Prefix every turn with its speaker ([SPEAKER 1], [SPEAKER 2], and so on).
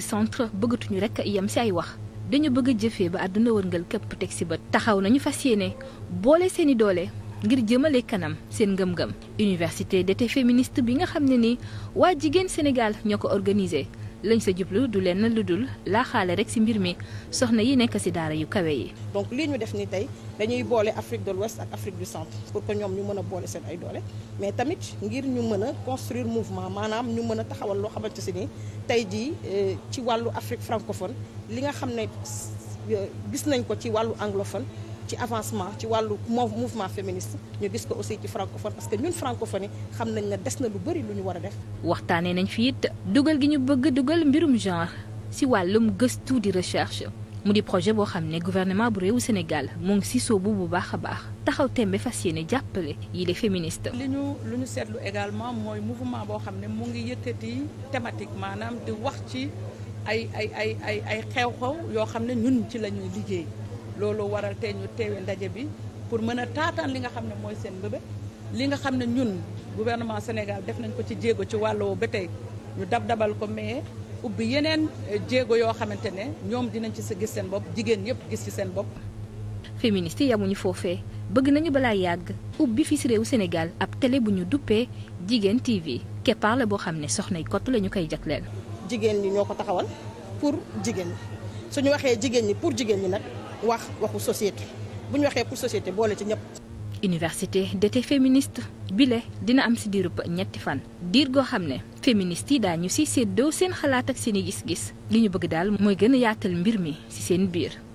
[SPEAKER 1] centre bëggatuñu rek yem ci ay wax dañu bëgg a jëfee ba àdduna wërngal képp teg ci bët taxaw nañu fas yéene boole seeni doole ngir jëmale kanam seen ngëm-ngëm université d'été féministre bi nga xam ne ni waa jigéen Sénégal ñoo ko organisé lañ sa jublu du leen lu dul laaxaale rek ci mbir mi soxna yi nekk ci daara yu kawe yi. donc lii ñu def ni
[SPEAKER 2] tey dañuy boole Afrique de l'Ouest ak Afrique du Centre pour que ñoom ñu mën a boole seen ay doole mais tamit ngir ñu mën a construire mouvement maanaam ñu mën a taxawal loo xamante si ni tey jii euh, ci wàllu Afrique francophone li nga xam ne euh, gis nañ ko ci wàllu anglophone. ci avancement ci wàllu mouvement féministe ñu gis ko aussi ci francophone parce que ñun francophone yi xam nañ ne des na lu bari lu ñu war a def.
[SPEAKER 1] waxtaanee nañ fii it dugal gi ñu bëgg dugal mbirum genre si wàllum gëstu di recherche mu di projet boo xam ne gouvernement bu réewu Sénégal mu ngi si soobu bu baax a baax taxaw tembe fas yéene jàppale yi les féministes. li ñu lu ñu seetlu
[SPEAKER 3] également mooy mouvement boo xam ne mu ngi yëkkati thématique maanaam di wax ci ay ay ay ay ay xew yoo xam ne ñun ci la ñuy liggéey. loolu waral tey ñu teewee ndaje bi pour mën a taataan li nga xam ne mooy seen mbëbët li nga xam ne ñun gouvernement Sénégal def nañ ko ci jéego ci wàll woowu ba tey ñu dab dabal ko mais ubbi yeneen eh, jéego yoo xamante ne ñoom dinañ ci gis seen bopp jigéen yépp gis ci seen bopp.
[SPEAKER 1] féministes yi yamuñu foofee bëgg nañu balaa yàgg ubbi fi si réewu Sénégal ab télé bu ñu duppee Jigéen TV keppaar la boo xam ne soxnay kott la ñu koy jagleen
[SPEAKER 2] jigéen ñi ñoo ko taxawal pour jigéen ñi waxee jigéen ñi pour jigéen ñi nag. wax waxu société
[SPEAKER 1] bu ñu waxee pour société boole ci ñëpp. université d'été féministe bile dina am si diirub ñetti fan diir goo xam ne féministes yi daañu si séddoo seen xalaat ak seen i gis-gis li ñu bëgg daal mooy gën a yaatal mbir mi si seen biir.